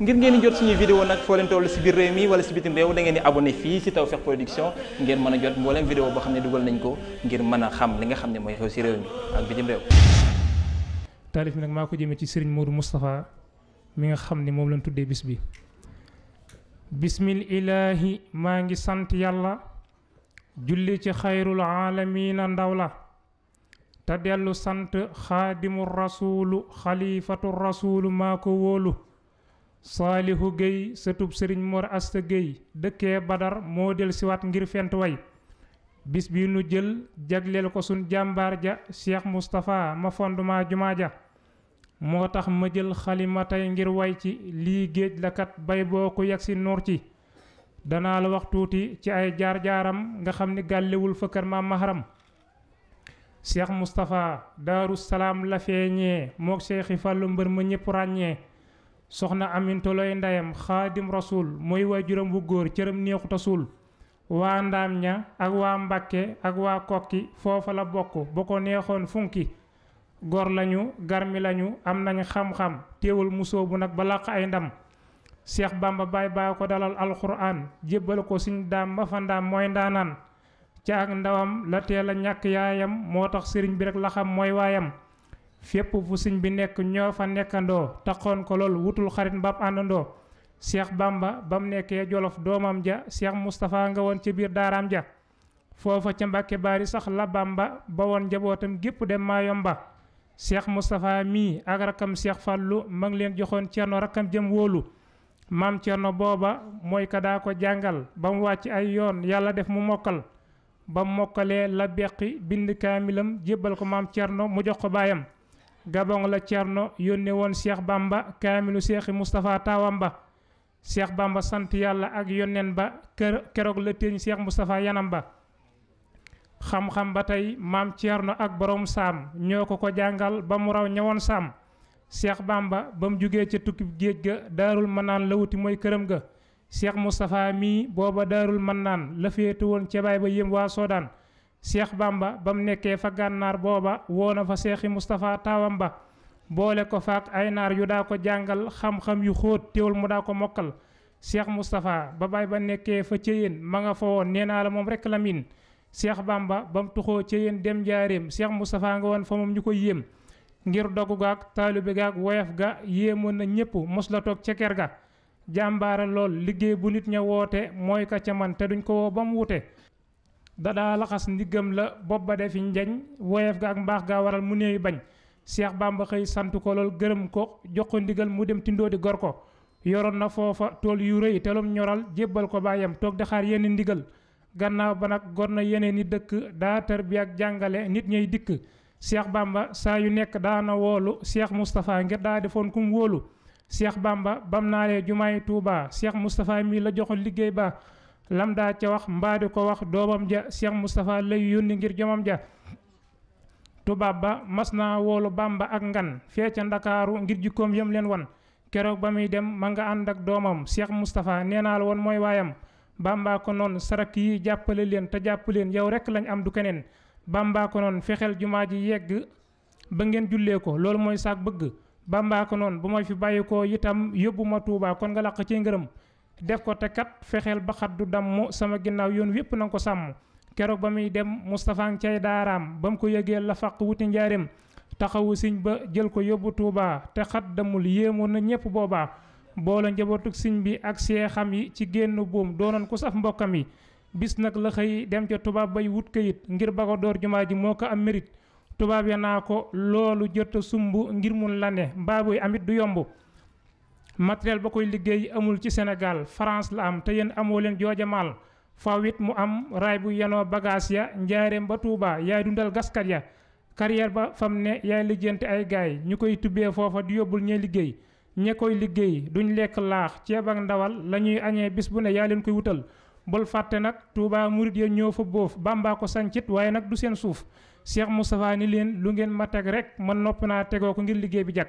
ngir ngeen di jot suñuy vidéo nag foo leen toll si biir réew mi wala si bitim réew da ngeen di abonné fii si Tawfekh Production ngeen mën a jot mbooleem vidéo boo xam ne dugal nañ ko ngir mën a xam li nga xam ne mooy xew si nag maa jëmee ci sëriñ Modou Moustapha mi nga xam ne moom lañ tuddee bis bi bismillahi maa ngi sant yàlla julli ci xayrul aalamiina ndaw la te dellu sant xaadimu rasulu xalifatu rasuulu maa ko wóolu saalihu géy sëtub sëriñ mor asta géy dëkkee badar moo del siwaat ngir fent way bis bi nu jël jagleel ko sun jàmbaar ja seex moustapha ma fondement jumaa ja moo tax ma jël xalima tey ngir way ci lii géej la kat bay boo ko yegg si nuur ci danaa la wax tuuti ci ay jaar-jaaram nga xam ni gàllewul fëkkër maam maharam cheikh moustapha daaru salaam la feeñee mook cheikh yi fàllu mbër ma ñëpp ràññee soxna amintolooy ndeyam xaadim rasul mooy waajuram bu góor cëram neexu tasul waa ndaam ña ak waa mbàkke ak waa kokki foofa la bokk ba ko neexoon funki gor lañu garmi lañu am nañ xam-xam téewal musoo bu nag ba làq ay ndam seex bamba baay baa ko dalal alxuraan jébbal ko siñ daam ba fa ndaam mooy ndaanaan ca ak ndawam la teel a ñàkk yaayam moo tax sëriñ bi rek la xam mooy waayam fépp fu sëñ bi nekk ñoo fa nekkandoo taxoon ko lool wutul xarit mbam àndandoo Cheikh Bamba ba mu nekkee Jolof doomam ja Cheikh Moustapha nga woon ca biir daaraam ja foofa ca Mbàkke Baari sax la Bamba ba woon njabootam gépp dem Maayomba Cheikh Moustapha mii ak rakkam Cheikh Fallou mag leen joxoon Cerno rakkam jëm wóolu maam Cerno booba mooy ka daa ko jàngal ba mu wàcc ay yoon yàlla def mu mokkal ba mu mokkalee la beqi bind kaamilam jébbal ko maam Cerno mu jox ko baayam Gabon la Cerno yónnee woon Cheikh Bamba kaamilu seexi Moustapha taawam ba Cheikh Bamba sant yàlla ak yónneen ba kër keroog la téeñ Cheikh Moustapha yanam ba xam-xam ba tey maam Cerno ak borom saam ñoo ko ko jàngal ba mu raw ñëwoon saam Cheikh Bamba ba mu jugee ca tukki géej ga daarul manaan la wuti mooy këram ga Cheikh Moustapha mii booba daarul manaan la féete woon ca baay ba yéem waa Soodaan Cheikh Bamba ba mu nekkee fa gànnaar booba woo na fa Cheikhi Moustapha taawam ba boole ko faak ay naar yu daa ko jàngal xam-xam yu xóot teewul mu daa ko mokkal Cheikh Moustapha ba baay ba nekkee fa Ceyeen ma nga fa woon nee naa la moom rek la miin Cheikh Bamba ba mu tuxoo Ceyeen dem jaareem Cheikh Moustapha nga woon fa moom ñu ko yéem ngir dogu gaak taalibe gaak woyof ga yéemoon na ñëpp mos la toog ca kër ga jàmbaara lool liggéey bu nit ña woote mooy ka ca duñ ko ba mu wute da daa laxas ndiggam la bopp ba defi njañ woyef ga ak mbaax gaa waral mu néewi bañ Seex Bàmba xëy sant ko lool gërëm ko jox ko ndigal mu dem tindoo di gor ko yoroon na foofa tool yu rëy telum ñoral jébbal ko baayam toog di xaar yenn ndigal gannaaw ba nag gor na yeneen ni dëkk daa bi ak jàngale nit ñay dikk Seex Bàmba saa yu nekk daana woolu Seex Moustapha ngir daa defoon kum wóolu Seex Bàmba bam naalee jumaay Tuubaa Seex Moustapha mii la joxoon liggéey ba lam daa ca wax mbaa di ko wax doomam ja Cheikh Moustapha lay yónni ngir jomam ja tubaab ba mas naa woolu ba ak ngan fee ca Ndakaaru ngir jikkoom yëm leen wan keroog ba muy dem ma nga ànd ak doomam Cheikh mustafa nee naa la woon mooy waayam Bàmbaa ko noon sarak yi jàppale leen te jàpp leen yow rekk lañ am du keneen Bàmbaa ko noonu fexeel jumaa ji yegg ba ngeen jullee ko loolu mooy saak bëgg Bàmbaa ko noonu bu ma fi bàyyi ko itam yóbbu ma Tuubaa kon nga làq ci ngërëm def ko te kat fexeel ba xat du damm sama ginnaaw yoon wépp na ko sàmm keroog ba muy dem Moustapha ngi cay daaraam ba mu ko yëgee la faq wuti njaarim taxawu siñ ba jël ko yóbbu Touba te xat dammul yéemu na ñépp boobaa boole njabootug siñ bi ak seexam yi ci génn buum doonoon ku saf mbokkam yi bis nag la xëy dem ca tubaab bay wut kayit ngir ba door jumaa ji moo ko am mérite tubaab ya naa ko loolu jot sumb ngir mun la ne mbaa buy amit du yomb matériel ba koy liggéey amul ci Sénégal France la am te yéen amoo leen jooja maal faaw it mu am raay bu yenoo bagage ya njaareem ba Touba yaay dundal gaskat ya carrière ba fam ne yaay lijjanti ay gaay ñu koy tubbee foofa di yóbbul ñee liggéey ña koy liggéey duñ lekk laax ceeb ndawal la ñuy añee bis bu ne yaa leen koy wutal bul fàtte nag Touba murit ya ñoo fa boof Bàmbaa ko sancit waaye nag du seen suuf Cheikh Moustapha ni leen lu ngeen ma teg rek man noppi naa tegoo ko ngir liggéey bi jag